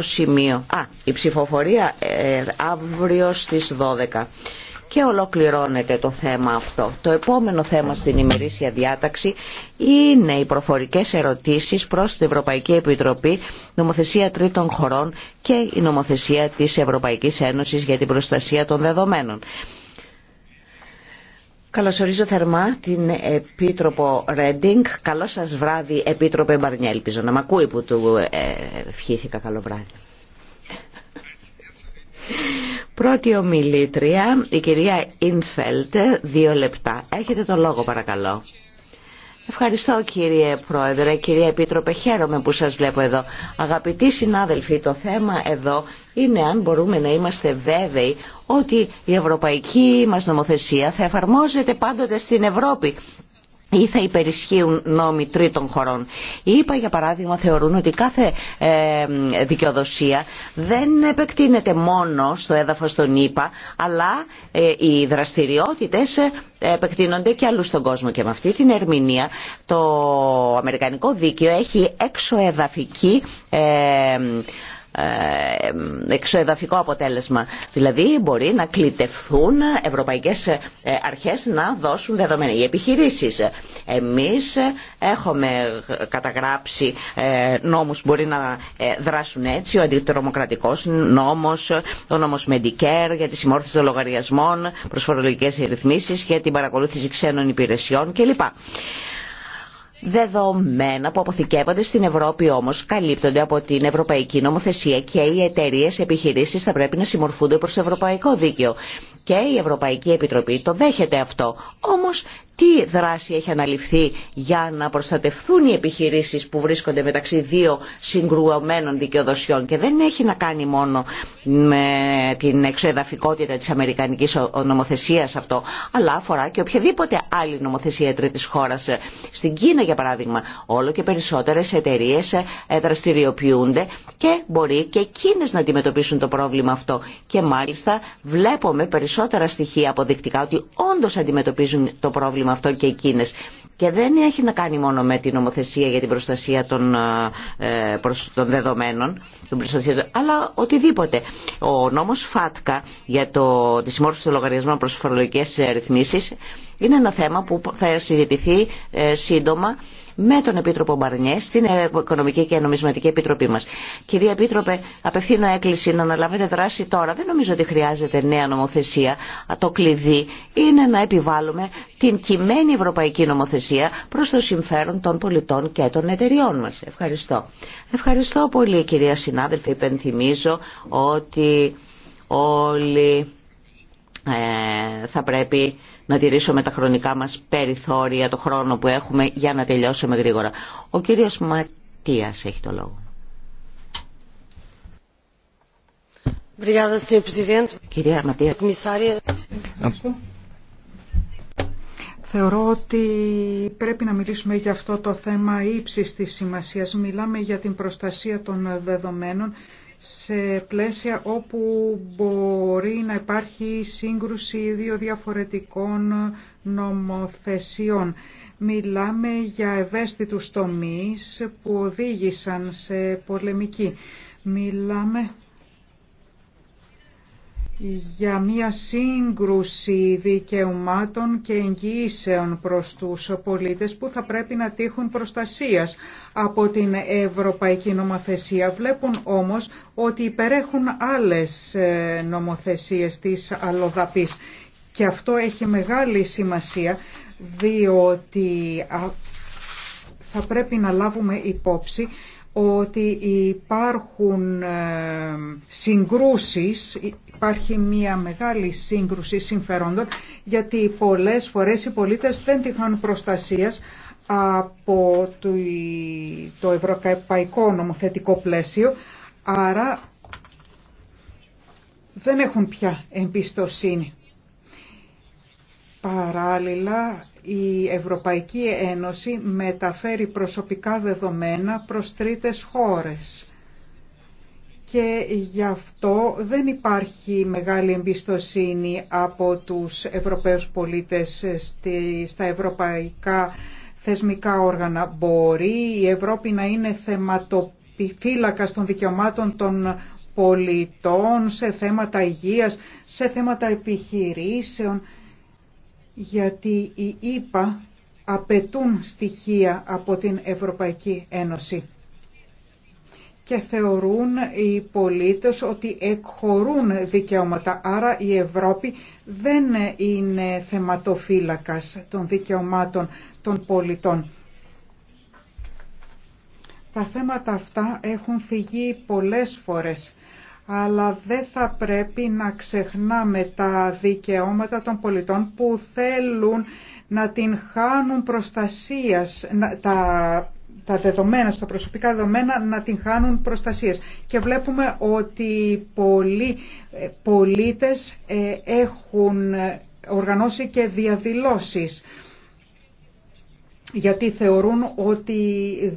σημείο. Α, η ψηφοφορία ε, αύριο στις 12. Και ολοκληρώνεται το θέμα αυτό. Το επόμενο θέμα στην ημερήσια διάταξη είναι οι προφορικές ερωτήσεις προς την Ευρωπαϊκή Επιτροπή, νομοθεσία τρίτων χωρών και η νομοθεσία της Ευρωπαϊκής Ένωσης για την προστασία των δεδομένων. Καλωσορίζω θερμά την Επίτροπο Ρέντινγκ. Καλό σας βράδυ, Επίτροπε Μπαρνιέ. Ελπίζω να μ' ακούει που του ε, ευχήθηκα καλό βράδυ. Πρώτη ομιλήτρια, η κυρία Ινφέλτ, δύο λεπτά. Έχετε το λόγο παρακαλώ. Ευχαριστώ κύριε Πρόεδρε, κύριε Επίτροπε, χαίρομαι που σας βλέπω εδώ. Αγαπητοί συνάδελφοι, το θέμα εδώ είναι αν μπορούμε να είμαστε βέβαιοι ότι η ευρωπαϊκή μας νομοθεσία θα εφαρμόζεται πάντοτε στην Ευρώπη ή θα υπερισχύουν νόμοι τρίτων χωρών. Οι για παράδειγμα, θεωρούν ότι κάθε ε, δικαιοδοσία δεν επεκτείνεται μόνο στο έδαφος των ΗΠΑ, αλλά ε, οι δραστηριότητες ε, επεκτείνονται και αλλού στον κόσμο. Και με αυτή την ερμηνεία το Αμερικανικό Δίκαιο έχει έξω εδαφική ε, ε, εξοεδαφικό αποτέλεσμα. Δηλαδή μπορεί να κλητευθούν ευρωπαϊκές ε, αρχές να δώσουν δεδομένα. Οι επιχειρήσεις. Εμείς ε, έχουμε καταγράψει νόμους που μπορεί να δράσουν έτσι. Ο αντιτρομοκρατικός νόμος, ο νόμος Medicare για τη συμμόρφωση των λογαριασμών, προσφορολογικές ρυθμίσεις για την παρακολούθηση ξένων υπηρεσιών κλπ. Δεδομένα που αποθηκεύονται στην Ευρώπη όμως καλύπτονται από την Ευρωπαϊκή Νομοθεσία και οι εταιρείε επιχειρήσεις θα πρέπει να συμμορφούνται προς Ευρωπαϊκό Δίκαιο και η Ευρωπαϊκή Επιτροπή το δέχεται αυτό. Όμως τι δράση έχει αναλυφθεί για να προστατευθούν οι επιχειρήσεις που βρίσκονται μεταξύ δύο συγκρουωμένων δικαιοδοσιών και δεν έχει να κάνει μόνο με την εξοεδαφικότητα της αμερικανικής νομοθεσίας αυτό αλλά αφορά και οποιαδήποτε άλλη νομοθεσία τρίτης χώρας. Στην Κίνα για παράδειγμα όλο και περισσότερες εταιρείε ε, ε, δραστηριοποιούνται και μπορεί και εκείνες να αντιμετωπίσουν το πρόβλημα αυτό και μάλιστα βλέπουμε περισσότερο περισσότερα στοιχεία αποδεικτικά ότι όντω αντιμετωπίζουν το πρόβλημα αυτό και εκείνε Και δεν έχει να κάνει μόνο με την νομοθεσία για την προστασία των, ε, των δεδομένων την προστασία αλλά οτιδήποτε. Ο νόμο ΦΑΤΚΑ για το, τη συμμόρφωση των λογαριασμών προ φορολογικέ ρυθμίσει είναι ένα θέμα που θα συζητηθεί ε, σύντομα με τον Επίτροπο Μπαρνιέ στην Οικονομική και Νομισματική Επιτροπή μα. Κυρία Επίτροπε, απευθύνω έκκληση να αναλάβετε δράση τώρα. Δεν νομίζω ότι χρειάζεται νέα νομοθεσία. Το κλειδί είναι να επιβάλλουμε την κειμένη ευρωπαϊκή νομοθεσία προ το συμφέρον των πολιτών και των εταιριών μα. Ευχαριστώ. Ευχαριστώ πολύ, κυρία συνάδελφοι υπενθυμίζω ότι όλοι ε, θα πρέπει να τηρήσουμε τα χρονικά μας περιθώρια, το χρόνο που έχουμε για να τελειώσουμε γρήγορα. Ο κύριος Ματίας έχει το λόγο. Κυρία Θεωρώ ότι πρέπει να μιλήσουμε για αυτό το θέμα ύψης της σημασίας. Μιλάμε για την προστασία των δεδομένων σε πλαίσια όπου μπορεί να υπάρχει σύγκρουση δύο διαφορετικών νομοθεσιών. Μιλάμε για ευαίσθητους τομείς που οδήγησαν σε πολεμική. Μιλάμε για μια σύγκρουση δικαιωμάτων και εγγυήσεων προς τους πολίτες που θα πρέπει να τύχουν προστασίας από την Ευρωπαϊκή Νομοθεσία. Βλέπουν όμως ότι υπερέχουν άλλες ε, νομοθεσίες της αλλοδαπής και αυτό έχει μεγάλη σημασία διότι θα πρέπει να λάβουμε υπόψη ότι υπάρχουν ε, συγκρούσεις υπάρχει μια μεγάλη σύγκρουση συμφερόντων γιατί πολλές φορές οι πολίτες δεν τη προστασίας από το ευρωπαϊκό νομοθετικό πλαίσιο, άρα δεν έχουν πια εμπιστοσύνη. Παράλληλα, η Ευρωπαϊκή Ένωση μεταφέρει προσωπικά δεδομένα προς τρίτες χώρες και γι' αυτό δεν υπάρχει μεγάλη εμπιστοσύνη από τους Ευρωπαίους πολίτες στα ευρωπαϊκά θεσμικά όργανα. Μπορεί η Ευρώπη να είναι θεματοφύλακα των δικαιωμάτων των πολιτών σε θέματα υγείας, σε θέματα επιχειρήσεων, γιατί οι ΕΠΑ απαιτούν στοιχεία από την Ευρωπαϊκή Ένωση και θεωρούν οι πολίτες ότι εκχωρούν δικαιώματα. Άρα η Ευρώπη δεν είναι θεματοφύλακας των δικαιωμάτων των πολιτών. Τα θέματα αυτά έχουν φυγεί πολλές φορές, αλλά δεν θα πρέπει να ξεχνάμε τα δικαιώματα των πολιτών που θέλουν να την χάνουν προστασίας, τα τα δεδομένα, στα προσωπικά δεδομένα να την χάνουν προστασίες. Και βλέπουμε ότι πολλοί ε, πολίτες ε, έχουν ε, οργανώσει και διαδηλώσεις γιατί θεωρούν ότι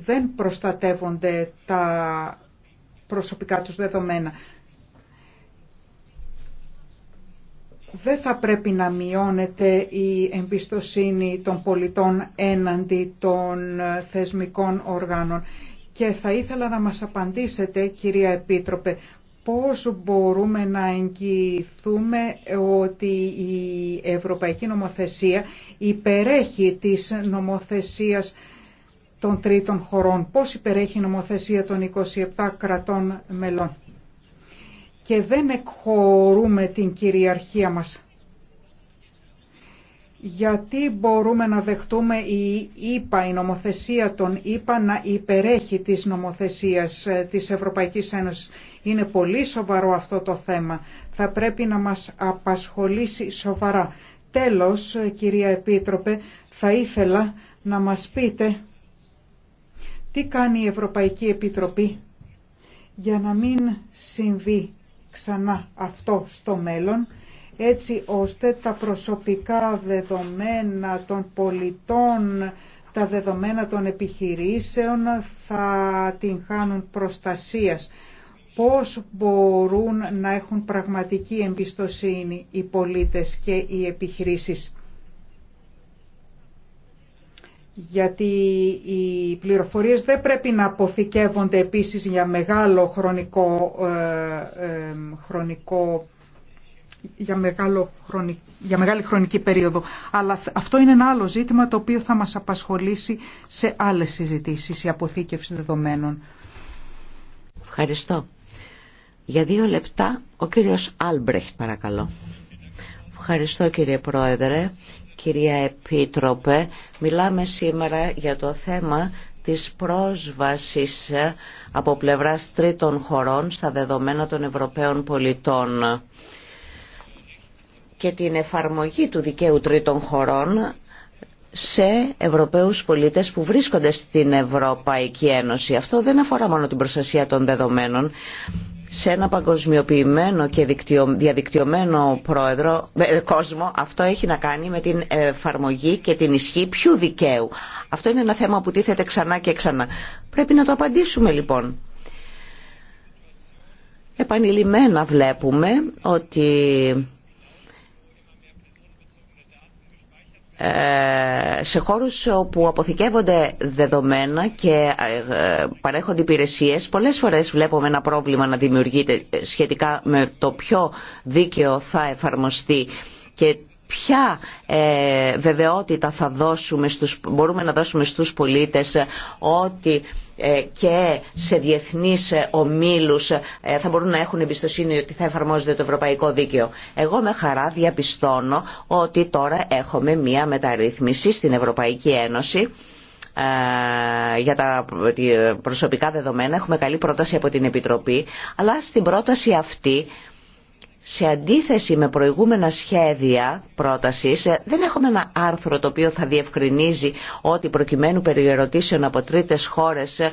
δεν προστατεύονται τα προσωπικά τους δεδομένα. δεν θα πρέπει να μειώνεται η εμπιστοσύνη των πολιτών έναντι των θεσμικών οργάνων. Και θα ήθελα να μας απαντήσετε, κυρία Επίτροπε, πώς μπορούμε να εγγυηθούμε ότι η Ευρωπαϊκή Νομοθεσία υπερέχει της νομοθεσίας των τρίτων χωρών. Πώς υπερέχει η νομοθεσία των 27 κρατών μελών και δεν εκχωρούμε την κυριαρχία μας. Γιατί μπορούμε να δεχτούμε η ΕΠΑ, η νομοθεσία των ΕΠΑ να υπερέχει της νομοθεσίας ε, της Ευρωπαϊκής Ένωσης. Είναι πολύ σοβαρό αυτό το θέμα. Θα πρέπει να μας απασχολήσει σοβαρά. Τέλος, ε, κυρία Επίτροπε, θα ήθελα να μας πείτε τι κάνει η Ευρωπαϊκή Επιτροπή για να μην συμβεί ξανά αυτό στο μέλλον έτσι ώστε τα προσωπικά δεδομένα των πολιτών, τα δεδομένα των επιχειρήσεων θα την χάνουν προστασίας. Πώς μπορούν να έχουν πραγματική εμπιστοσύνη οι πολίτες και οι επιχειρήσεις γιατί οι πληροφορίες δεν πρέπει να αποθηκεύονται επίσης για μεγάλο χρονικό, ε, ε χρονικό για, μεγάλο χρονικ, για μεγάλη χρονική περίοδο. Αλλά αυτό είναι ένα άλλο ζήτημα το οποίο θα μας απασχολήσει σε άλλες συζητήσεις, η αποθήκευση δεδομένων. Ευχαριστώ. Για δύο λεπτά ο κύριος Άλμπρεχτ παρακαλώ. Ευχαριστώ κύριε Πρόεδρε κυρία Επίτροπε. Μιλάμε σήμερα για το θέμα της πρόσβασης από πλευράς τρίτων χωρών στα δεδομένα των Ευρωπαίων πολιτών και την εφαρμογή του δικαίου τρίτων χωρών σε Ευρωπαίους πολίτες που βρίσκονται στην Ευρωπαϊκή Ένωση. Αυτό δεν αφορά μόνο την προστασία των δεδομένων, σε ένα παγκοσμιοποιημένο και διαδικτυωμένο πρόεδρο, ε, κόσμο αυτό έχει να κάνει με την εφαρμογή και την ισχύ ποιου δικαίου. Αυτό είναι ένα θέμα που τίθεται ξανά και ξανά. Πρέπει να το απαντήσουμε λοιπόν. Επανειλημμένα βλέπουμε ότι ε, σε χώρους όπου αποθηκεύονται δεδομένα και ε, ε, παρέχονται υπηρεσίες, πολλές φορές βλέπουμε ένα πρόβλημα να δημιουργείται σχετικά με το ποιο δίκαιο θα εφαρμοστεί και ποια ε, βεβαιότητα θα δώσουμε στους, μπορούμε να δώσουμε στους πολίτες ότι ε, και σε διεθνείς ε, ομίλους ε, θα μπορούν να έχουν εμπιστοσύνη ότι θα εφαρμόζεται το ευρωπαϊκό δίκαιο. Εγώ με χαρά διαπιστώνω ότι τώρα έχουμε μία μεταρρύθμιση στην Ευρωπαϊκή Ένωση για τα προσωπικά δεδομένα. Έχουμε καλή πρόταση από την Επιτροπή, αλλά στην πρόταση αυτή σε αντίθεση με προηγούμενα σχέδια πρότασης, ε, δεν έχουμε ένα άρθρο το οποίο θα διευκρινίζει ότι προκειμένου περί από τρίτες χώρες ε,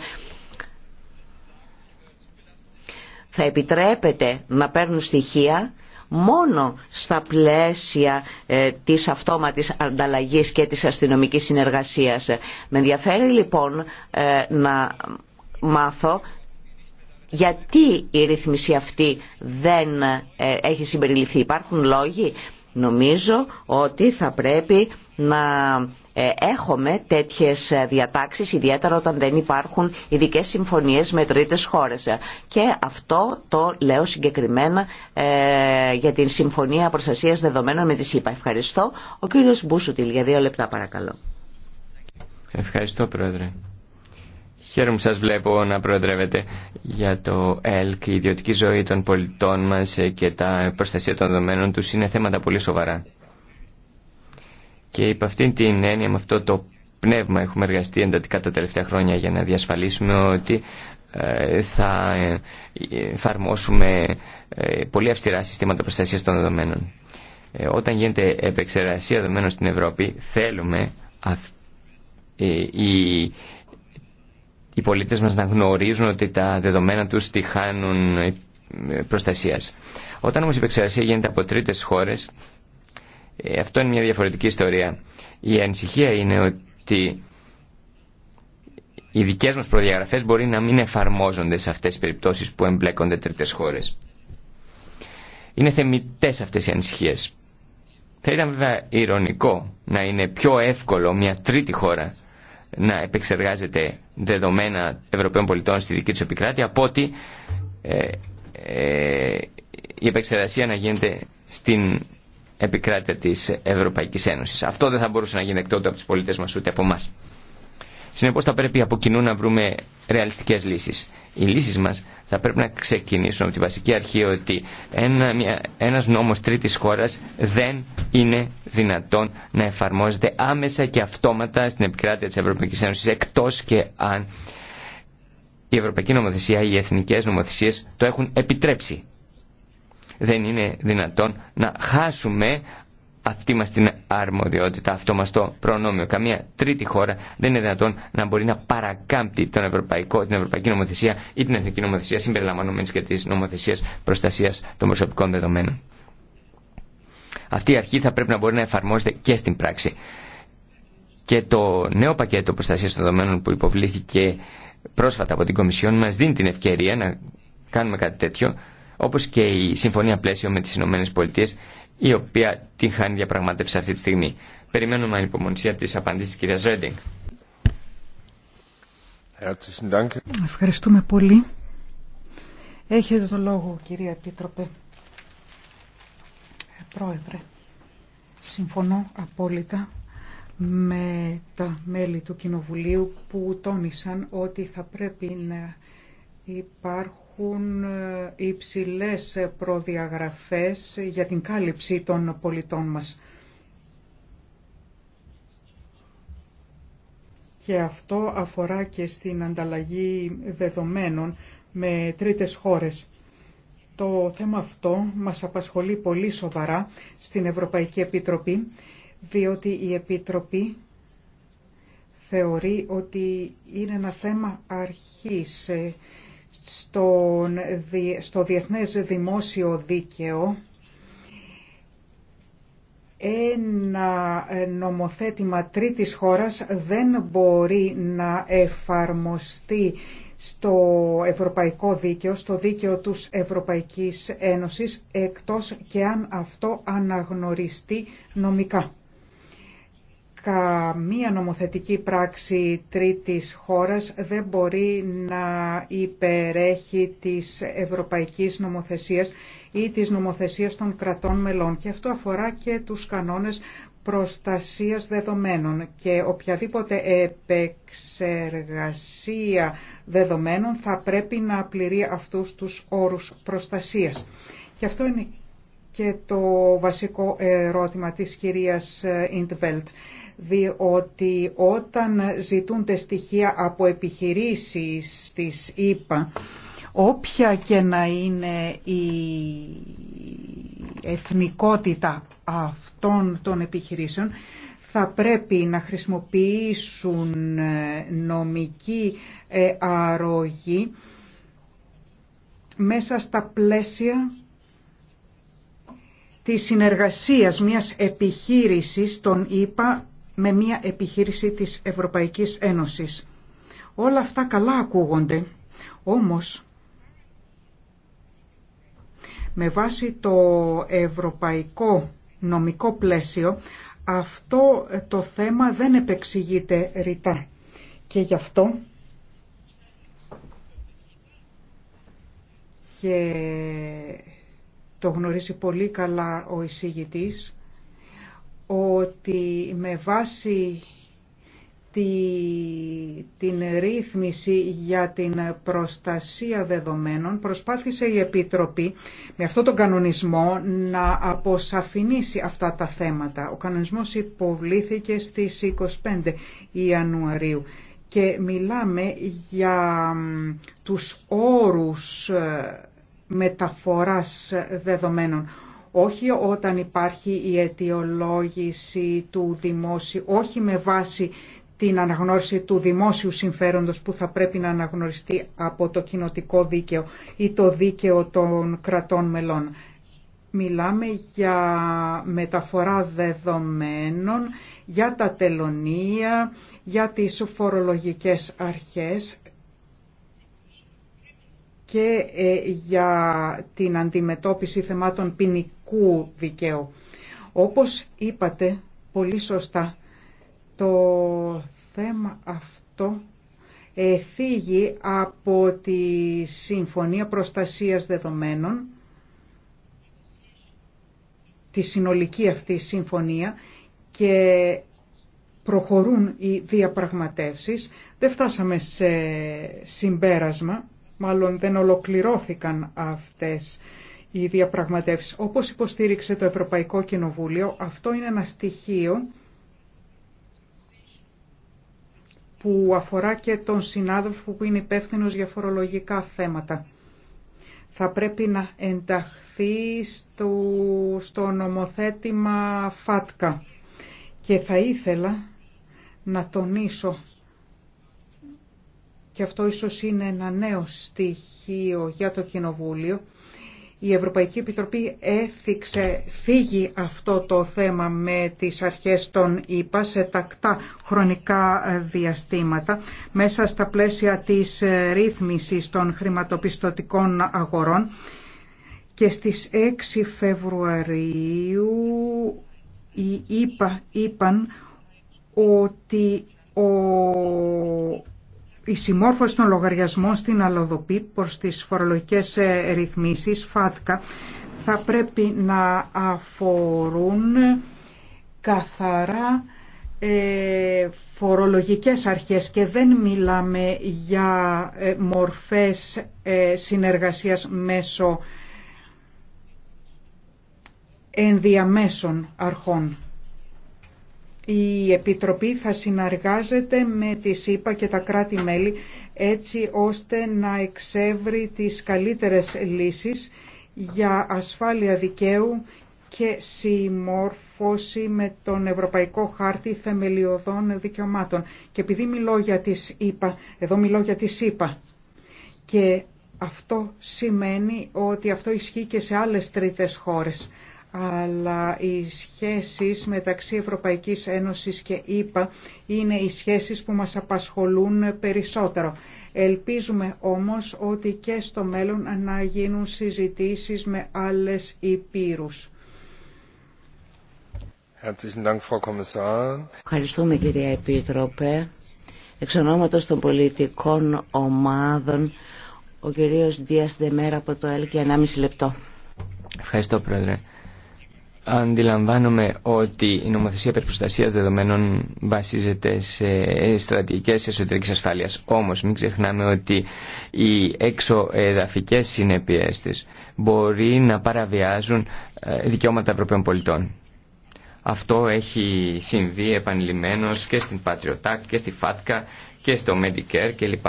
θα επιτρέπεται να παίρνουν στοιχεία μόνο στα πλαίσια ε, της αυτόματης ανταλλαγής και της αστυνομικής συνεργασίας. Με ενδιαφέρει λοιπόν να μάθω γιατί η ρύθμιση αυτή δεν ε, έχει συμπεριληφθεί. Υπάρχουν λόγοι. Νομίζω ότι θα πρέπει να ε, έχουμε τέτοιες διατάξεις, ιδιαίτερα όταν δεν υπάρχουν ειδικές συμφωνίες με τρίτες χώρες. Και αυτό το λέω συγκεκριμένα ε, για την Συμφωνία Προστασίας Δεδομένων με τη ΣΥΠΑ. Ευχαριστώ. Ο κύριος Μπούσουτιλ για δύο λεπτά παρακαλώ. Ευχαριστώ Πρόεδρε. Χαίρομαι που σας βλέπω να προεδρεύετε για το ΕΛΚ. Η ιδιωτική ζωή των πολιτών μας και τα προστασία των δεδομένων τους είναι θέματα πολύ σοβαρά. Και υπ' αυτήν την έννοια, με αυτό το πνεύμα έχουμε εργαστεί εντατικά τα τελευταία χρόνια για να διασφαλίσουμε ότι ε, θα ε, εφαρμόσουμε ε, πολύ αυστηρά συστήματα προστασίας των δεδομένων. Όταν γίνεται επεξεργασία δεδομένων στην Ευρώπη, θέλουμε η οι πολίτες μας να γνωρίζουν ότι τα δεδομένα τους τη χάνουν ε, προστασίας. Όταν όμως η επεξεργασία γίνεται από τρίτες χώρες, ε, αυτό είναι μια διαφορετική ιστορία. Η ανησυχία είναι ότι οι δικές μας προδιαγραφές μπορεί να μην εφαρμόζονται σε αυτές τις περιπτώσεις που εμπλέκονται τρίτες χώρες. Είναι θεμητές αυτές οι ανησυχίες. Θα ήταν βέβαια ηρωνικό να είναι πιο εύκολο μια τρίτη χώρα να επεξεργάζεται δεδομένα Ευρωπαίων πολιτών στη δική του επικράτεια από ότι ε, ε, η επεξεργασία να γίνεται στην επικράτεια της Ευρωπαϊκής Ένωσης. Αυτό δεν θα μπορούσε να γίνει εκτός από τους πολίτες μας ούτε από εμάς. Συνεπώς θα πρέπει από κοινού να βρούμε ρεαλιστικές λύσεις. Οι λύσεις μας θα πρέπει να ξεκινήσουν από τη βασική αρχή ότι ένα, νόμο ένας νόμος τρίτης χώρας δεν είναι δυνατόν να εφαρμόζεται άμεσα και αυτόματα στην επικράτεια της Ευρωπαϊκής Ένωσης εκτός και αν η Ευρωπαϊκή Νομοθεσία ή οι εθνικές νομοθεσίε το έχουν επιτρέψει. Δεν είναι δυνατόν να χάσουμε αυτή μας την αρμοδιότητα, αυτό μας το προνόμιο. Καμία τρίτη χώρα δεν είναι δυνατόν να μπορεί να παρακάμπτει τον ευρωπαϊκό, την ευρωπαϊκή νομοθεσία ή την εθνική νομοθεσία συμπεριλαμβανομένης και της νομοθεσίας προστασίας των προσωπικών δεδομένων. Αυτή η αρχή θα πρέπει να μπορεί να εφαρμόζεται και στην πράξη. Και το νέο πακέτο προστασίας των δεδομένων που υποβλήθηκε πρόσφατα από την Κομισιόν μας δίνει την ευκαιρία να κάνουμε κάτι τέτοιο, όπως και η Συμφωνία Πλαίσιο με τις Ηνωμένες Πολιτείες η οποία την χάνει διαπραγμάτευση αυτή τη στιγμή. Περιμένουμε ανυπομονησία τη απαντήσεις τη κυρία Ρέντινγκ. Ευχαριστούμε πολύ. Έχετε το λόγο κυρία Επίτροπε. Ε, πρόεδρε, συμφωνώ απόλυτα με τα μέλη του Κοινοβουλίου που τόνισαν ότι θα πρέπει να υπάρχουν υπάρχουν ε, υψηλές προδιαγραφές για την κάλυψη των πολιτών μας. Και αυτό αφορά και στην ανταλλαγή δεδομένων με τρίτες χώρες. Το θέμα αυτό μας απασχολεί πολύ σοβαρά στην Ευρωπαϊκή Επιτροπή, διότι η Επιτροπή θεωρεί ότι είναι ένα θέμα αρχής ε, στο Διεθνές Δημόσιο Δίκαιο ένα νομοθέτημα τρίτης χώρας δεν μπορεί να εφαρμοστεί στο ευρωπαϊκό δίκαιο, στο δίκαιο της Ευρωπαϊκής Ένωσης, εκτός και αν αυτό αναγνωριστεί νομικά καμία νομοθετική πράξη τρίτης χώρας δεν μπορεί να υπερέχει της ευρωπαϊκής νομοθεσίας ή της νομοθεσίας των κρατών μελών. Και αυτό αφορά και τους κανόνες προστασίας δεδομένων και οποιαδήποτε επεξεργασία δεδομένων θα πρέπει να πληρεί αυτούς τους όρους προστασίας. Και αυτό είναι και το βασικό ερώτημα της κυρίας Ιντβέλτ διότι όταν ζητούνται στοιχεία από επιχειρήσεις της ΕΠΑ, όποια και να είναι η εθνικότητα αυτών των επιχειρήσεων, θα πρέπει να χρησιμοποιήσουν νομική ε, αρρωγή μέσα στα πλαίσια της συνεργασίας μιας επιχείρησης των ΙΠΑ με μια επιχείρηση της Ευρωπαϊκής Ένωσης. Όλα αυτά καλά ακούγονται, όμως με βάση το ευρωπαϊκό νομικό πλαίσιο αυτό το θέμα δεν επεξηγείται ρητά. Και γι' αυτό και το γνωρίζει πολύ καλά ο εισηγητής ότι με βάση την ρύθμιση για την προστασία δεδομένων προσπάθησε η Επίτροπη με αυτόν τον κανονισμό να αποσαφηνίσει αυτά τα θέματα. Ο κανονισμός υποβλήθηκε στις 25 Ιανουαρίου και μιλάμε για τους όρους ε, μεταφοράς δεδομένων όχι όταν υπάρχει η αιτιολόγηση του δημόσιου, όχι με βάση την αναγνώριση του δημόσιου συμφέροντος που θα πρέπει να αναγνωριστεί από το κοινοτικό δίκαιο ή το δίκαιο των κρατών μελών. Μιλάμε για μεταφορά δεδομένων, για τα τελωνία, για τις φορολογικές αρχές και ε, για την αντιμετώπιση θεμάτων ποινικού δικαίου. Όπως είπατε πολύ σωστά, το θέμα αυτό θίγει ε, από τη Συμφωνία Προστασίας Δεδομένων, τη συνολική αυτή συμφωνία και προχωρούν οι διαπραγματεύσεις. Δεν φτάσαμε σε συμπέρασμα μάλλον δεν ολοκληρώθηκαν αυτές οι διαπραγματεύσεις. Όπως υποστήριξε το Ευρωπαϊκό Κοινοβούλιο, αυτό είναι ένα στοιχείο που αφορά και τον συνάδελφο που είναι υπεύθυνο για φορολογικά θέματα. Θα πρέπει να ενταχθεί στο, στο νομοθέτημα ΦΑΤΚΑ και θα ήθελα να τονίσω και αυτό ίσως είναι ένα νέο στοιχείο για το Κοινοβούλιο, η Ευρωπαϊκή Επιτροπή έφυξε, φύγει αυτό το θέμα με τις αρχές των ΙΠΑ σε τακτά χρονικά ε, διαστήματα μέσα στα πλαίσια της ε, ρύθμισης των χρηματοπιστωτικών αγορών και στις 6 Φεβρουαρίου οι ΙΠΑ είπαν ότι ο η συμμόρφωση των λογαριασμών στην αλλοδοπή προς τις φορολογικές ε, ρυθμίσεις, ΦΑΤΚΑ, θα πρέπει να αφορούν καθαρά ε, φορολογικές αρχές και δεν μιλάμε για ε, μορφές ε, συνεργασίας μέσω ενδιαμέσων αρχών. Η Επιτροπή θα συνεργάζεται με τη ΣΥΠΑ και τα κράτη-μέλη έτσι ώστε να εξεύρει τις καλύτερες λύσεις για ασφάλεια δικαίου και συμμόρφωση με τον Ευρωπαϊκό Χάρτη Θεμελιωδών Δικαιωμάτων. Και επειδή μιλώ για τις εδώ μιλώ για τις ΗΠΑ, και αυτό σημαίνει ότι αυτό ισχύει και σε άλλες τρίτες χώρες αλλά οι σχέσεις μεταξύ Ευρωπαϊκής Ένωσης και ΕΠΑ είναι οι σχέσεις που μας απασχολούν περισσότερο. Ελπίζουμε όμως ότι και στο μέλλον να γίνουν συζητήσεις με άλλες υπήρους. Ευχαριστούμε κυρία Επίτροπε. Εξ ονόματος των πολιτικών ομάδων, ο κυρίος Δίας Δεμέρα από το ΕΛΚΙ, 1,5 λεπτό. Ευχαριστώ πρόεδρε. Αντιλαμβάνομαι ότι η νομοθεσία περιπροστασία δεδομένων βασίζεται σε στρατηγικέ εσωτερική ασφάλεια Όμως μην ξεχνάμε ότι οι εξωεδαφικές συνέπειέ τη μπορεί να παραβιάζουν ε, δικαιώματα Ευρωπαίων πολιτών. Αυτό έχει συμβεί επανειλημμένως και στην Patriot Act και στη FATCA και στο Medicare κλπ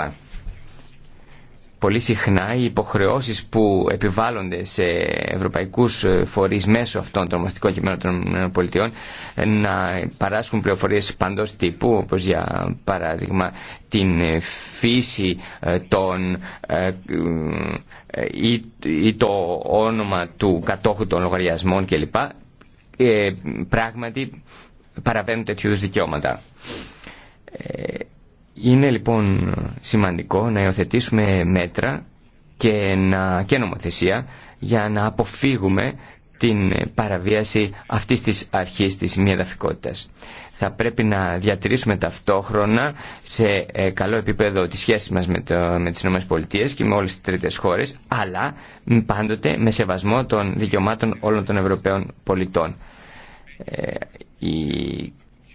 πολύ συχνά οι υποχρεώσεις που επιβάλλονται σε ευρωπαϊκούς ε, φορείς μέσω αυτών των μαθητικών κειμένων των ΗΠΑ ε, να παράσχουν πληροφορίες παντός τύπου, όπως για παράδειγμα την ε, φύση των ή το όνομα του κατόχου των λογαριασμών κλπ. Πράγματι παραβαίνουν τέτοιου δικαιώματα. Είναι λοιπόν σημαντικό να υιοθετήσουμε μέτρα και, να, και νομοθεσία για να αποφύγουμε την παραβίαση αυτής της αρχής της μη εδαφικότητας. Θα πρέπει να διατηρήσουμε ταυτόχρονα σε ε, καλό επίπεδο τις σχέσεις μας με, το, με τις και με όλες τις τρίτες χώρες, αλλά πάντοτε με σεβασμό των δικαιωμάτων όλων των Ευρωπαίων πολιτών. Ε,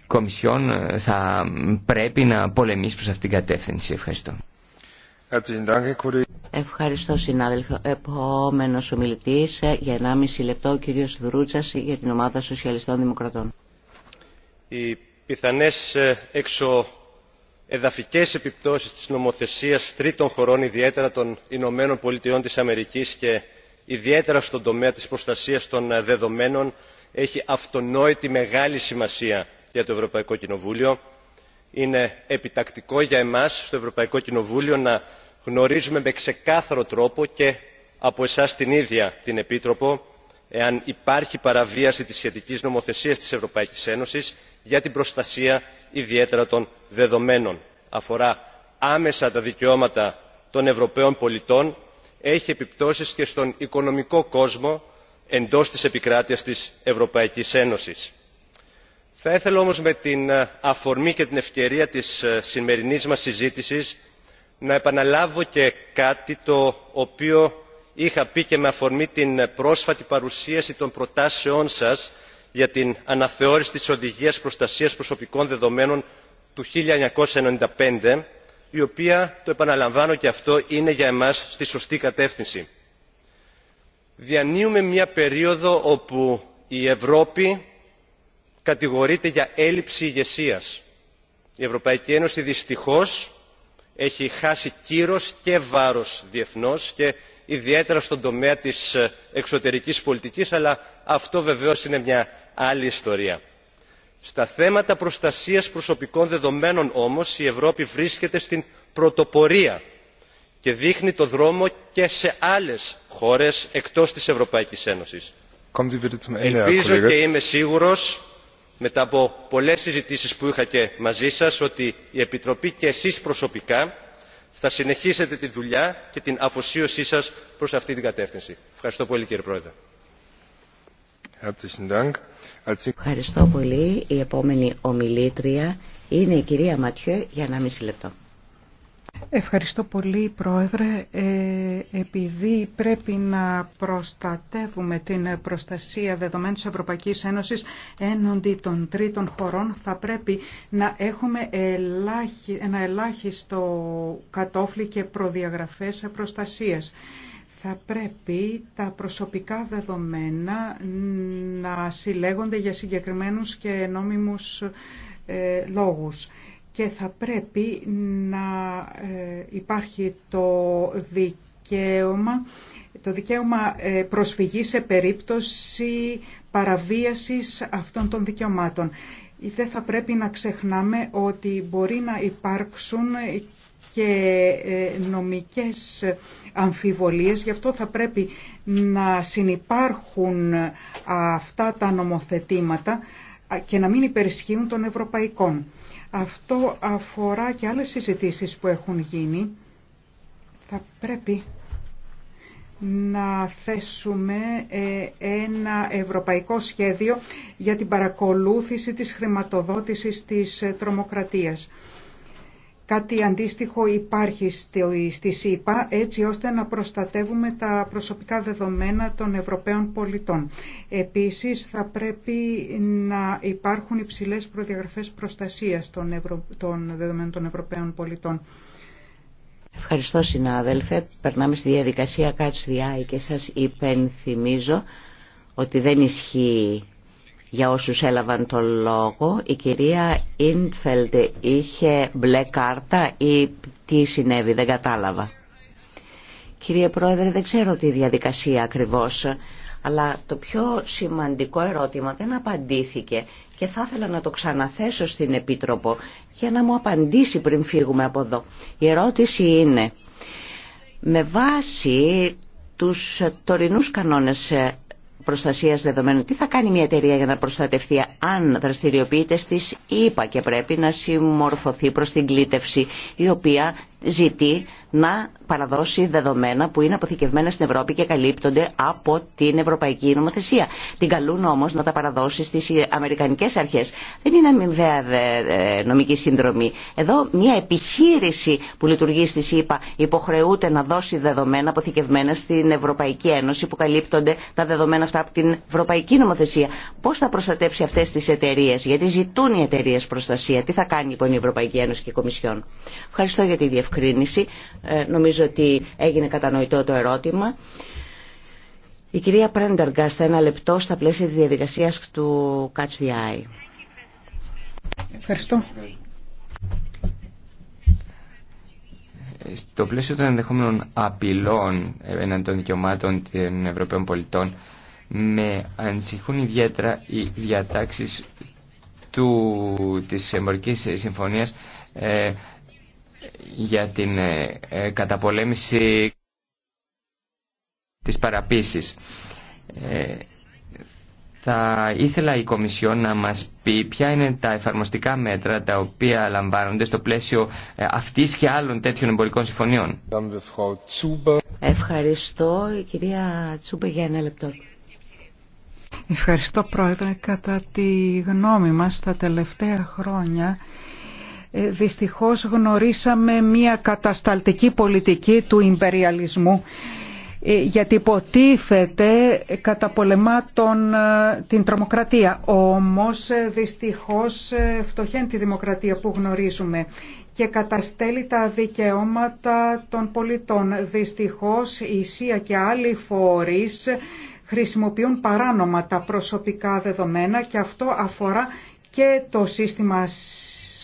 Κομισιόν ε, θα πρέπει να πολεμήσει προς αυτήν την κατεύθυνση. Ευχαριστώ. Ευχαριστώ συνάδελφο. Επόμενο ομιλητή ε, για 1,5 λεπτό ο κύριος Δρούτσας ε, για την ομάδα Σοσιαλιστών Δημοκρατών. Οι πιθανές έξω εδαφικές επιπτώσεις της νομοθεσίας τρίτων χωρών, ιδιαίτερα των Ηνωμένων Πολιτειών της Αμερικής και ιδιαίτερα στον τομέα της προστασίας των δεδομένων, έχει αυτονόητη μεγάλη σημασία για το ευρωπαϊκό κοινοβούλιο. είναι επιτακτικό για εμάς στο ευρωπαϊκό κοινοβούλιο να γνωρίζουμε με ξεκάθαρο τρόπο και από εσάς την ίδια την επίτροπο εάν υπάρχει παραβίαση της σχετικής νομοθεσίας της ευρωπαϊκής ένωσης για την προστασία ιδιαίτερα των δεδομένων. αφορά άμεσα τα δικαιώματα των ευρωπαίων πολιτών έχει επιπτώσεις και στον οικονομικό κόσμο εντός της επικράτειας της ευρωπαϊκής ένωσης θα ήθελα όμως με την ε, αφορμή και την ευκαιρία της ε, σημερινής μας συζήτησης να επαναλάβω και κάτι το οποίο είχα πει και με αφορμή την ε, πρόσφατη παρουσίαση των προτάσεών σας για την αναθεώρηση της οδηγίας προστασίας προσωπικών δεδομένων του 1995 η οποία το επαναλαμβάνω και αυτό είναι για εμάς στη σωστή κατεύθυνση. διανύουμε μια περίοδο όπου η ευρώπη κατηγορείται για έλλειψη ηγεσία. η ευρωπαϊκή ένωση δυστυχώ έχει χάσει κύρος και βάρος διεθνώς και ιδιαίτερα στον τομέα της ε, εξωτερικής πολιτικής αλλά αυτό βεβαίω είναι μια άλλη ιστορία. στα θέματα προστασίας προσωπικών δεδομένων όμως η ευρώπη βρίσκεται στην πρωτοπορία και δείχνει το δρόμο και σε άλλες χώρες εκτός της ευρωπαϊκής ένωσης. Ε, ναι, ελπίζω και είμαι σίγουρος μετά από πολλές συζητήσεις που είχα και μαζί σας ότι η επιτροπή και εσείς προσωπικά θα συνεχίσετε τη δουλειά και την αφοσίωσή σας προς αυτή την κατεύθυνση. Ευχαριστώ πολύ κύριε Πρόεδρε. Ευχαριστώ πολύ. Η επόμενη ομιλήτρια είναι η κυρία Ματιέ για ένα μισή λεπτό. Ευχαριστώ πολύ, Πρόεδρε. Ε, επειδή πρέπει να προστατεύουμε την προστασία δεδομένων της Ευρωπαϊκής Ένωσης έναντι των τρίτων χωρών, θα πρέπει να έχουμε ένα ελάχιστο κατόφλι και προδιαγραφές προστασίας. Θα πρέπει τα προσωπικά δεδομένα να συλλέγονται για συγκεκριμένους και νόμιμους ε, λόγους και θα πρέπει να ε, υπάρχει το δικαίωμα, το δικαίωμα ε, προσφυγής σε περίπτωση παραβίασης αυτών των δικαιωμάτων. Δεν θα πρέπει να ξεχνάμε ότι μπορεί να υπάρξουν και ε, νομικές αμφιβολίες. Γι' αυτό θα πρέπει να συνυπάρχουν αυτά τα νομοθετήματα και να μην υπερισχύουν των ευρωπαϊκών. Αυτό αφορά και άλλες συζητήσεις που έχουν γίνει. Θα πρέπει να θέσουμε ε, ένα ευρωπαϊκό σχέδιο για την παρακολούθηση της χρηματοδότησης της ε, τρομοκρατίας. Κάτι αντίστοιχο υπάρχει στη ΣΥΠΑ έτσι ώστε να προστατεύουμε τα προσωπικά δεδομένα των Ευρωπαίων πολιτών. Επίσης θα πρέπει να υπάρχουν υψηλές προδιαγραφές προστασίας των, δεδομένων των Ευρωπαίων πολιτών. Ευχαριστώ συνάδελφε. Περνάμε στη διαδικασία ΚΑΤΣΔΙ και σας υπενθυμίζω ότι δεν ισχύει για όσους έλαβαν το λόγο. Η κυρία Ίντφελντ είχε μπλε κάρτα ή τι συνέβη, δεν κατάλαβα. Κύριε Πρόεδρε, δεν ξέρω τη διαδικασία ακριβώς, αλλά το πιο σημαντικό ερώτημα δεν απαντήθηκε και θα ήθελα να το ξαναθέσω στην Επίτροπο για να μου απαντήσει πριν φύγουμε από εδώ. Η ερώτηση είναι, με βάση τους τωρινούς κανόνες Προστασία δεδομένων. Τι θα κάνει μια εταιρεία για να προστατευτεί αν δραστηριοποιείται στι ΗΠΑ και πρέπει να συμμορφωθεί προ την κλήτευση η οποία ζητεί να παραδώσει δεδομένα που είναι αποθηκευμένα στην Ευρώπη και καλύπτονται από την Ευρωπαϊκή Νομοθεσία. Την καλούν όμω να τα παραδώσει στι Αμερικανικέ Αρχέ. Δεν είναι αμοιβαία ε, νομική συνδρομή. Εδώ μια επιχείρηση που λειτουργεί στη ΣΥΠΑ υποχρεούται να δώσει δεδομένα αποθηκευμένα στην Ευρωπαϊκή Ένωση που καλύπτονται τα δεδομένα αυτά από την Ευρωπαϊκή Νομοθεσία. Πώ θα προστατεύσει αυτέ τι εταιρείε, γιατί ζητούν οι εταιρείε προστασία. Τι θα κάνει λοιπόν η Ευρωπαϊκή Ένωση και η Κομισιόν. Ευχαριστώ για τη διευκρίνηση. Ε, νομίζω ότι έγινε κατανοητό το ερώτημα. Η κυρία στα ένα λεπτό στα πλαίσια της διαδικασίας του Catch the Eye. Ευχαριστώ. Στο πλαίσιο των ενδεχόμενων απειλών ενάντιον των δικαιωμάτων των Ευρωπαίων πολιτών, με ανησυχούν ιδιαίτερα οι διατάξεις του, της εμπορικής συμφωνίας ε, για την ε, ε, καταπολέμηση της παραπίσης. Ε, θα ήθελα η Κομισιόν να μας πει ποια είναι τα εφαρμοστικά μέτρα τα οποία λαμβάνονται στο πλαίσιο αυτής και άλλων τέτοιων εμπορικών συμφωνιών. Ευχαριστώ. κυρία Τσούμπε για ένα λεπτό. Ευχαριστώ Πρόεδρε. Κατά τη γνώμη μας τα τελευταία χρόνια ε, δυστυχώς γνωρίσαμε μια κατασταλτική πολιτική του ιμπεριαλισμού ε, γιατί υποτίθεται καταπολεμά τον, ε, την τρομοκρατία. Όμως δυστυχώς φτωχαίνει τη δημοκρατία που γνωρίζουμε και καταστέλει τα δικαιώματα των πολιτών. Δυστυχώς η ΣΥΑ και άλλοι φορείς χρησιμοποιούν παράνομα τα προσωπικά δεδομένα και αυτό αφορά και το σύστημα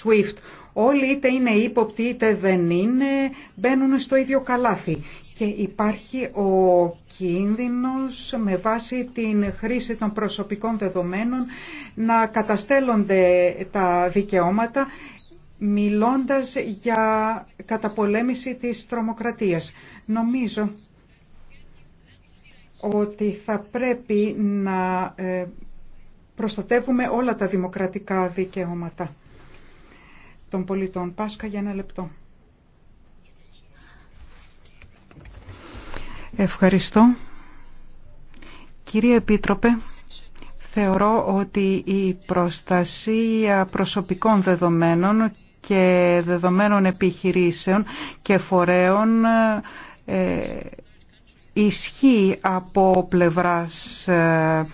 SWIFT Όλοι είτε είναι ύποπτοι είτε δεν είναι, μπαίνουν στο ίδιο καλάθι. Και υπάρχει ο κίνδυνος με βάση την χρήση των προσωπικών δεδομένων να καταστέλλονται τα δικαιώματα μιλώντας για καταπολέμηση της τρομοκρατίας. Νομίζω ότι θα πρέπει να ε, προστατεύουμε όλα τα δημοκρατικά δικαιώματα των πολιτών. Πάσκα για ένα λεπτό. Ευχαριστώ. Κύριε Επίτροπε, θεωρώ ότι η προστασία προσωπικών δεδομένων και δεδομένων επιχειρήσεων και φορέων ε, ισχύει από πλευράς ε,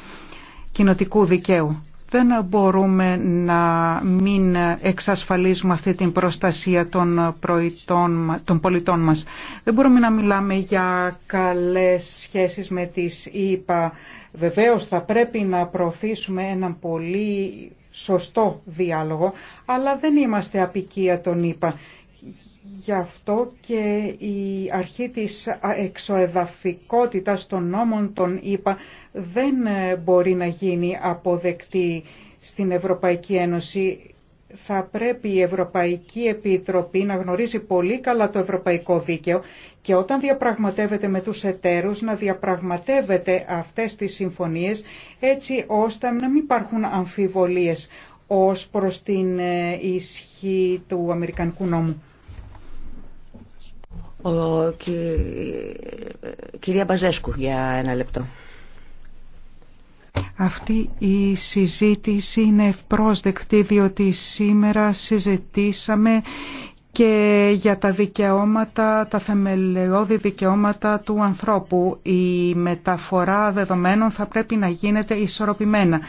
κοινοτικού δικαίου δεν μπορούμε να μην εξασφαλίζουμε αυτή την προστασία των, των πολιτών μας. Δεν μπορούμε να μιλάμε για καλές σχέσεις με τις ΗΠΑ. Βεβαίως θα πρέπει να προωθήσουμε έναν πολύ σωστό διάλογο, αλλά δεν είμαστε απικία των ΗΠΑ. Γι' αυτό και η αρχή της εξοεδαφικότητας των νόμων των ΗΠΑ δεν ε, μπορεί να γίνει αποδεκτή στην Ευρωπαϊκή Ένωση. Θα πρέπει η Ευρωπαϊκή Επιτροπή να γνωρίζει πολύ καλά το ευρωπαϊκό δίκαιο και όταν διαπραγματεύεται με τους εταίρους να διαπραγματεύεται αυτές τις συμφωνίες έτσι ώστε να μην υπάρχουν αμφιβολίες ως προς την ε, ισχύ του Αμερικανικού νόμου. Κυρία Μπαζέσκου για ένα λεπτό. Αυτή η συζήτηση είναι ευπρόσδεκτη διότι σήμερα συζητήσαμε και για τα δικαιώματα, τα θεμελιώδη δικαιώματα του ανθρώπου. Η μεταφορά δεδομένων θα πρέπει να γίνεται ισορροπημένα.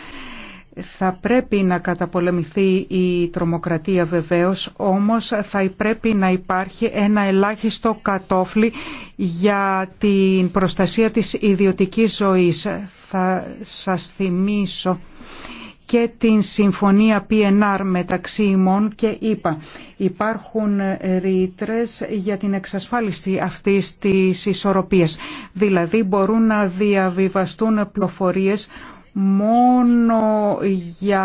Θα πρέπει να καταπολεμηθεί η τρομοκρατία βεβαίως, όμως θα πρέπει να υπάρχει ένα ελάχιστο κατόφλι για την προστασία της ιδιωτικής ζωής. Θα σας θυμίσω και την συμφωνία PNR μεταξύ ημών και είπα Υπάρχουν ρήτρε για την εξασφάλιση αυτής της ισορροπίας. Δηλαδή μπορούν να διαβιβαστούν πληροφορίες μόνο για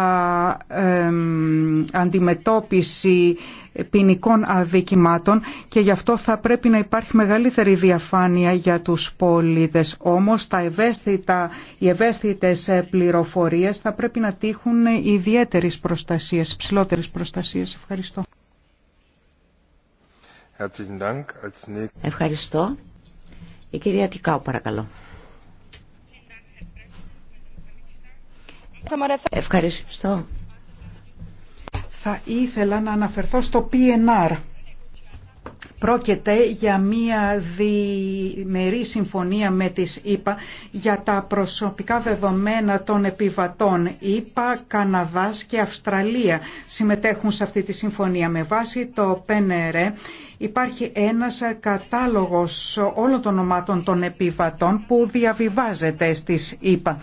αντιμετώπιση ποινικών αδικημάτων και γι' αυτό θα πρέπει να υπάρχει μεγαλύτερη διαφάνεια για τους πολίτες. Όμως τα ευαίσθητα, οι ευαίσθητες πληροφορίες θα πρέπει να τύχουν ιδιαίτερης προστασίας, ψηλότερες προστασίας. Ευχαριστώ. Ευχαριστώ. Η κυρία Τικάου παρακαλώ. Ευχαριστώ. Θα ήθελα να αναφερθώ στο PNR. Πρόκειται για μία διμερή συμφωνία με τις ΗΠΑ για τα προσωπικά δεδομένα των επιβατών. ΗΠΑ, Καναδάς και Αυστραλία συμμετέχουν σε αυτή τη συμφωνία. Με βάση το ΠΕΝΕΡΕ υπάρχει ένας κατάλογος όλων των ομάτων των επιβατών που διαβιβάζεται στις ΗΠΑ.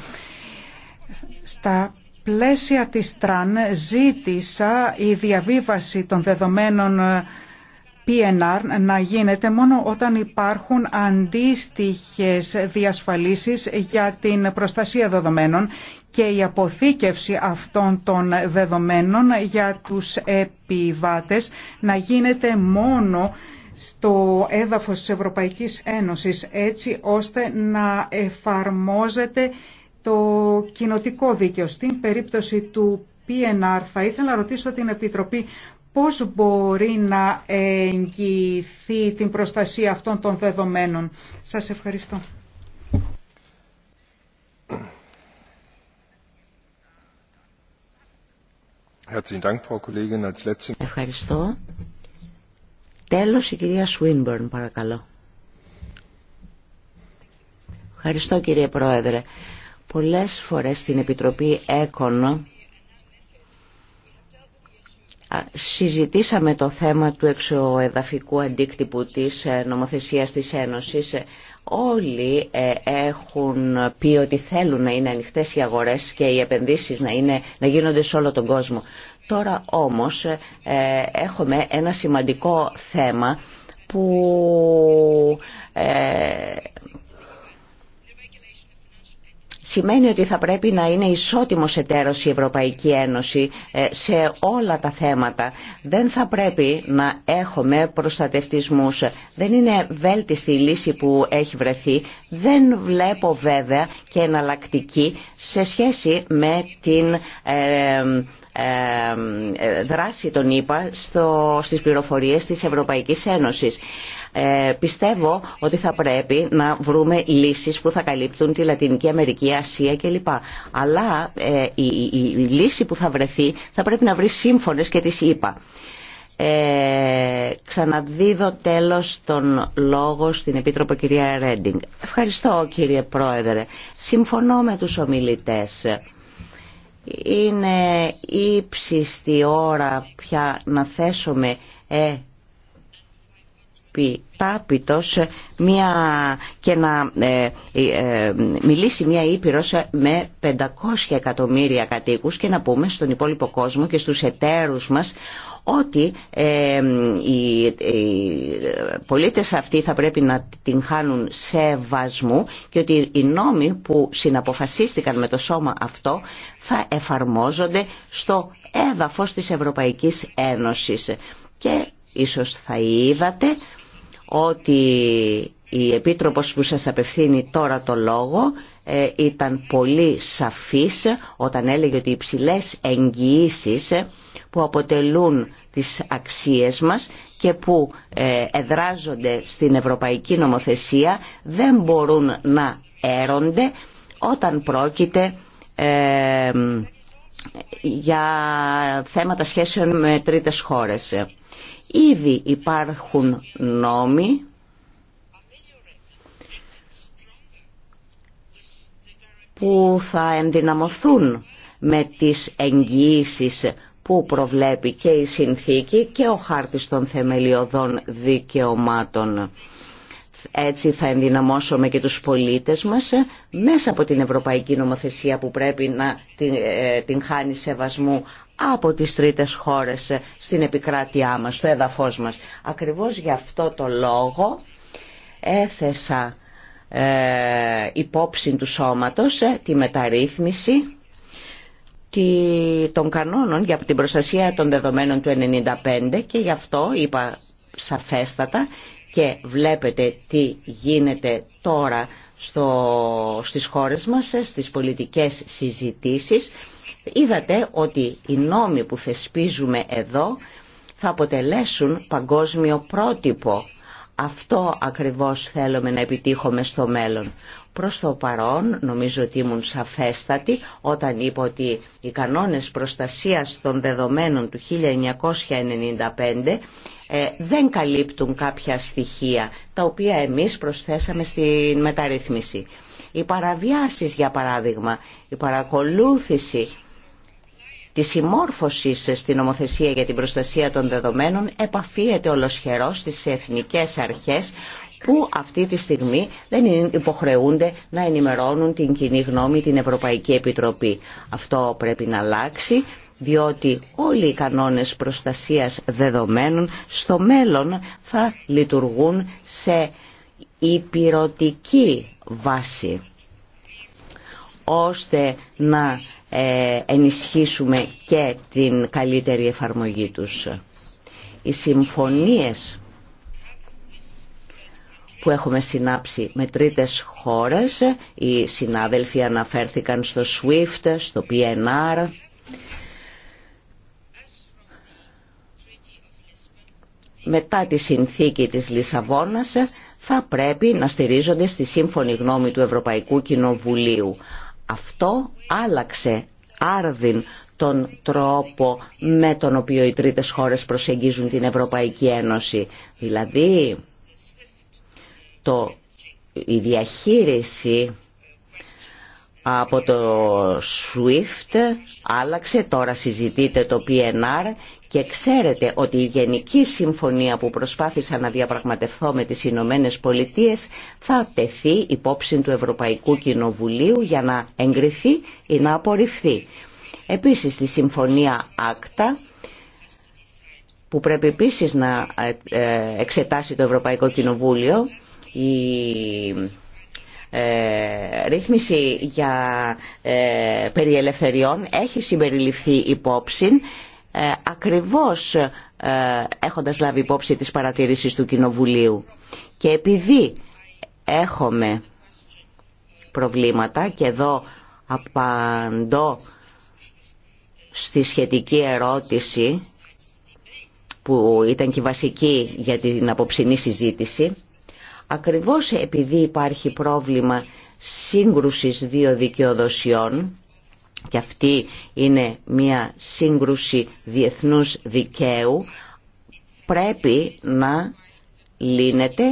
Στα πλαίσια της ΤΡΑΝ ζήτησα η διαβίβαση των δεδομένων ε, PNR να γίνεται μόνο όταν υπάρχουν αντίστοιχες διασφαλίσεις για την προστασία δεδομένων και η αποθήκευση αυτών των δεδομένων για τους επιβάτες να γίνεται μόνο στο έδαφος της Ευρωπαϊκής Ένωσης έτσι ώστε να εφαρμόζεται το κοινοτικό δίκαιο. Στην περίπτωση του PNR θα ήθελα να ρωτήσω την Επιτροπή πώς μπορεί να εγγυηθεί την προστασία αυτών των δεδομένων. Σας ευχαριστώ. Ευχαριστώ. Τέλος η κυρία Σουίνμπερν παρακαλώ. Ευχαριστώ κύριε Πρόεδρε. Πολλές φορές στην Επιτροπή ΕΚΟΝ συζητήσαμε το θέμα του εξωεδαφικού αντίκτυπου της ε, νομοθεσίας της Ένωσης. Ε, όλοι ε, έχουν πει ότι θέλουν να είναι ανοιχτές οι αγορές και οι επενδύσεις να, είναι, να γίνονται σε όλο τον κόσμο. Τώρα όμως έχουμε ένα σημαντικό θέμα που σημαίνει ότι θα πρέπει να είναι ισότιμος εταίρος η Ευρωπαϊκή Ένωση ε, σε όλα τα θέματα. Δεν θα πρέπει να έχουμε προστατευτισμούς. Δεν είναι βέλτιστη η λύση που έχει βρεθεί. Δεν βλέπω βέβαια και εναλλακτική σε σχέση με την ε, ε, δράση των είπα στο, στις πληροφορίες της Ευρωπαϊκής Ένωσης. Ε, πιστεύω ότι θα πρέπει να βρούμε λύσεις που θα καλύπτουν τη Λατινική Αμερική, Ασία κλπ. Αλλά ε, η, λύση που θα βρεθεί θα πρέπει να βρει σύμφωνες και τις ήπα. Ε, ξαναδίδω τέλος τον λόγο στην Επίτροπο κυρία Ρέντινγκ. Ευχαριστώ κύριε Πρόεδρε. Συμφωνώ με τους ομιλητές είναι ύψιστη ώρα πια να θέσουμε ε, τάπητος μια, και να ε, ε, ε, μιλήσει μια Ήπειρος με 500 εκατομμύρια κατοίκους και να πούμε στον υπόλοιπο κόσμο και στους εταίρους μας ότι ε, οι, πολίτες αυτοί θα πρέπει να την χάνουν σεβασμού και ότι οι νόμοι που συναποφασίστηκαν με το σώμα αυτό θα εφαρμόζονται στο έδαφος της Ευρωπαϊκής Ένωσης. Και ίσως θα είδατε ότι η Επίτροπος που σας απευθύνει τώρα το λόγο ε, ήταν πολύ σαφής όταν έλεγε ότι οι υψηλές εγγυήσεις που αποτελούν τις αξίες μας και που ε, εδράζονται στην ευρωπαϊκή νομοθεσία δεν μπορούν να έρονται όταν πρόκειται ε, για θέματα σχέσεων με τρίτες χώρες. Ήδη υπάρχουν νόμοι που θα ενδυναμωθούν με τις εγγυήσεις που προβλέπει και η συνθήκη και ο χάρτης των θεμελιωδών δικαιωμάτων. Έτσι θα ενδυναμώσουμε και τους πολίτες μας ε, μέσα από την ευρωπαϊκή νομοθεσία που πρέπει να την, ε, την χάνει σεβασμού από τις τρίτες χώρες ε, στην επικράτειά μας, στο έδαφος μας. Ακριβώς γι' αυτό το λόγο έθεσα ε, υπόψη του σώματος τη μεταρρύθμιση των κανόνων για την προστασία των δεδομένων του 1995 και γι' αυτό είπα σαφέστατα και βλέπετε τι γίνεται τώρα στο, στις χώρες μας, ε, στις πολιτικές συζητήσεις. Είδατε ότι οι νόμοι που θεσπίζουμε εδώ θα αποτελέσουν παγκόσμιο πρότυπο. Αυτό ακριβώς θέλουμε να επιτύχουμε στο μέλλον. Προς το παρόν νομίζω ότι ήμουν σαφέστατη όταν είπα ότι οι κανόνες προστασίας των δεδομένων του 1995 ε, δεν καλύπτουν κάποια στοιχεία τα οποία εμείς προσθέσαμε στην μεταρρύθμιση. Οι παραβιάσεις για παράδειγμα, η παρακολούθηση τη συμμόρφωση στην νομοθεσία για την προστασία των δεδομένων επαφίεται ολοσχερό στις εθνικές αρχές που αυτή τη στιγμή δεν υποχρεούνται να ενημερώνουν την κοινή γνώμη την Ευρωπαϊκή Επιτροπή. Αυτό πρέπει να αλλάξει διότι όλοι οι κανόνες προστασίας δεδομένων στο μέλλον θα λειτουργούν σε υπηρετική βάση ώστε να ε, ενισχύσουμε και την καλύτερη εφαρμογή τους. Οι συμφωνίες που έχουμε συνάψει με τρίτες χώρες. Οι συνάδελφοι αναφέρθηκαν στο SWIFT, στο PNR. Μετά τη συνθήκη της Λισαβόνας θα πρέπει να στηρίζονται στη σύμφωνη γνώμη του Ευρωπαϊκού Κοινοβουλίου. Αυτό άλλαξε άρδιν τον τρόπο με τον οποίο οι τρίτες χώρες προσεγγίζουν την Ευρωπαϊκή Ένωση. Δηλαδή η διαχείριση από το SWIFT άλλαξε, τώρα συζητείτε το PNR και ξέρετε ότι η Γενική Συμφωνία που προσπάθησα να διαπραγματευθώ με τις Ηνωμένε Πολιτείες θα τεθεί υπόψη του Ευρωπαϊκού Κοινοβουλίου για να εγκριθεί ή να απορριφθεί. Επίσης στη Συμφωνία Άκτα που πρέπει επίσης να ε, ε, εξετάσει το Ευρωπαϊκό Κοινοβούλιο η ε, ρύθμιση για ε, περιελευθεριών έχει συμπεριληφθεί υπόψη ε, ακριβώς ε, έχοντας λάβει υπόψη τις παρατηρήσεις του Κοινοβουλίου. Και επειδή έχουμε προβλήματα και εδώ απαντώ στη σχετική ερώτηση που ήταν και βασική για την αποψινή συζήτηση Ακριβώς επειδή υπάρχει πρόβλημα σύγκρουσης δύο δικαιοδοσιών και αυτή είναι μια σύγκρουση διεθνούς δικαίου πρέπει να λύνεται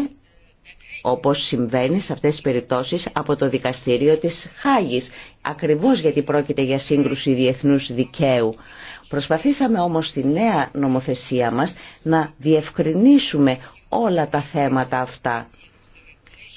όπως συμβαίνει σε αυτές τις περιπτώσεις από το δικαστήριο της Χάγης ακριβώς γιατί πρόκειται για σύγκρουση διεθνούς δικαίου. Προσπαθήσαμε όμως στη νέα νομοθεσία μας να διευκρινίσουμε όλα τα θέματα αυτά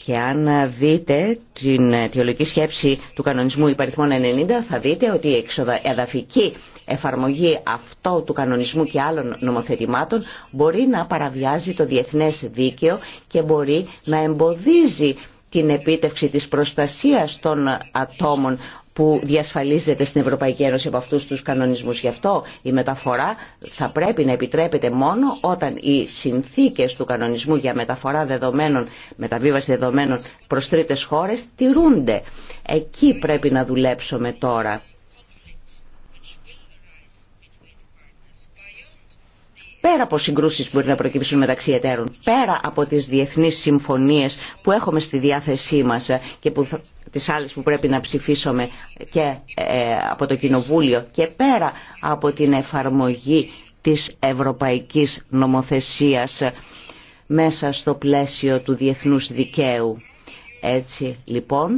και αν δείτε την θεολογική σκέψη του κανονισμού υπαριθμών 90 θα δείτε ότι η εξοδαφική εφαρμογή αυτού του κανονισμού και άλλων νομοθετημάτων μπορεί να παραβιάζει το διεθνές δίκαιο και μπορεί να εμποδίζει την επίτευξη της προστασίας των ατόμων που διασφαλίζεται στην Ευρωπαϊκή Ένωση από αυτούς τους κανονισμούς. Γι' αυτό η μεταφορά θα πρέπει να επιτρέπεται μόνο όταν οι συνθήκες του κανονισμού για μεταφορά δεδομένων, μεταβίβαση δεδομένων προς τρίτες χώρες τηρούνται. Εκεί πρέπει να δουλέψουμε τώρα. πέρα από συγκρούσεις που μπορεί να προκύψουν μεταξύ εταίρων, πέρα από τις διεθνείς συμφωνίες που έχουμε στη διάθεσή μας και που θα, τις άλλες που πρέπει να ψηφίσουμε και ε, από το Κοινοβούλιο και πέρα από την εφαρμογή της ευρωπαϊκής νομοθεσίας μέσα στο πλαίσιο του διεθνούς δικαίου. Έτσι λοιπόν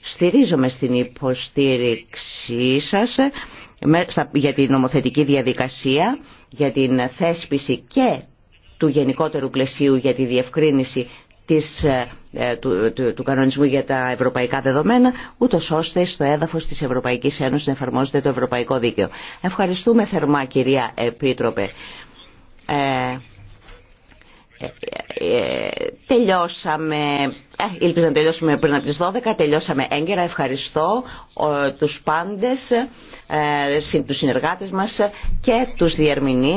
στηρίζομαι στην υποστήριξή σας για την νομοθετική διαδικασία για την θέσπιση και του γενικότερου πλαισίου για τη διευκρίνηση της, ε, ε, του, του, κανονισμού για τα ευρωπαϊκά δεδομένα, ούτω ώστε στο έδαφο τη Ευρωπαϊκή Ένωση να εφαρμόζεται το ευρωπαϊκό δίκαιο. Ευχαριστούμε θερμά, κυρία Επίτροπε. Ε, ε, ε, τελειώσαμε, ε, ήλπιζα να τελειώσουμε πριν από τις 12, τελειώσαμε έγκαιρα, ευχαριστώ ε, τους πάντες, ε, τους συνεργάτες μας και τους διερμηνείς.